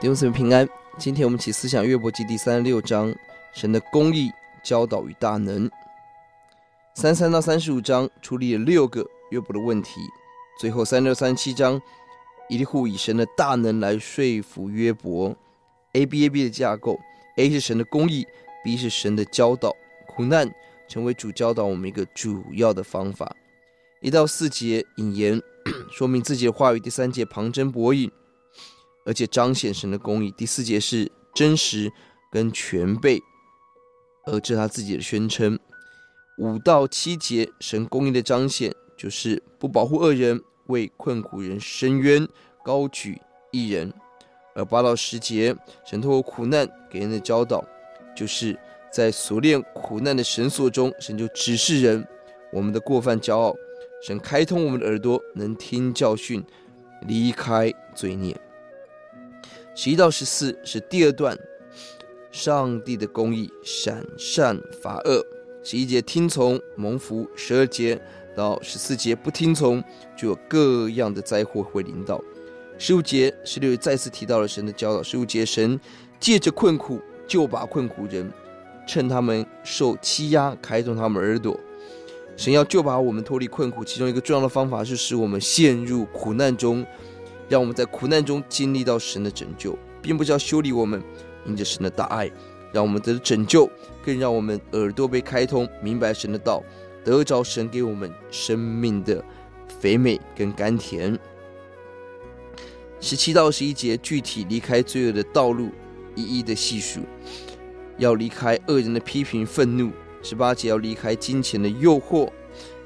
弟兄姊妹平安，今天我們起，思想約伯記第三十六章，神的公義教導與大能。三三，到三十五章處理了六個約伯的問題，最後三六三七章，以利戶以神的大能來說服約伯。A B A B 的架構，A 是神的公義，B 是神的教導。苦難成為主教導我們一個主要的方法。一到四節引言咳咳，說明自己的話語；第三節旁徵博引。而且彰顯神的公義。第四節是真實，跟全備，而這是他自己的宣稱。五到七節神公義的彰顯，就是不保護惡人，為困苦人伸冤，高舉義人。而八到十節神通過苦難給人的教導，就是在鎖鍊苦難的繩索中，神就指示人我們的過犯驕傲，神開通我們的耳朵，能聽教訓，離開罪孽。十一到十四是第二段，上帝的公義，賞善罰惡。十一節聽從蒙福，十二節到十四節不聽從就有各樣的災禍會臨到。十五節、十六節再次提到了神的教導。十五節，神借着困苦救拔困苦人，趁他們受欺壓，開通他們耳朵。神要救拔我們脫離困苦，其中一個重要的方法是使我們陷入苦難中。讓我們在苦難中經歷到神的拯救，並不是要修理我們，因著神的大愛，讓我們得拯救，更讓我們耳朵被開通，明白神的道，得着神給我們生命的肥美跟甘甜。十七到十一節具體離開罪惡的道路，一一的細數，要離開惡人的批評、憤怒。十八節要離開金錢的誘惑。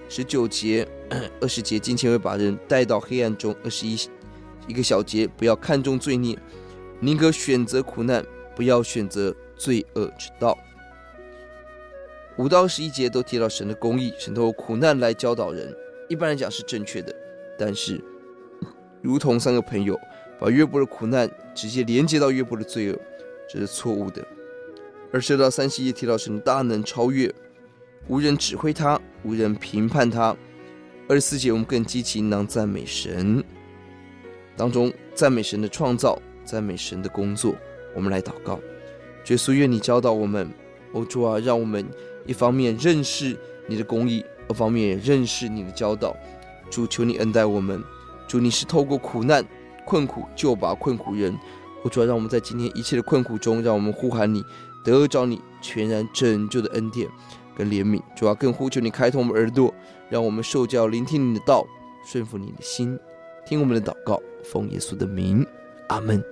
十九節、二十節，金錢會把人帶到黑暗中。二十一。一個小節，不要看重罪孽，寧可選擇苦難，不要選擇罪惡之道。五到十一節都提到神的公義，神通過苦難來教導人，一般來講是正確的。但是，如同三個朋友把約伯的苦難直接連接到約伯的罪惡，這是錯誤的。而二十到三十一節提到神的大能超越，無人指揮他，無人評判他。二十四節，我們更積極能讚美神。當中讚美神的創造，讚美神的工作，我們來禱告。主耶穌，願你教導我們。哦、主啊，讓我們一方面認識你的公義，另一方面也認識你的教導。主，求你恩待我們。主，你是透過苦難、困苦救拔困苦人。我、哦、主要、啊、讓我們在今天一切的困苦中，讓我們呼喊你，得着你全然拯救的恩典跟憐憫。主啊，更呼求你開通我們耳朵，讓我們受教聆聽你的道，順服你的心，聽我們的禱告。奉耶穌的名，阿門。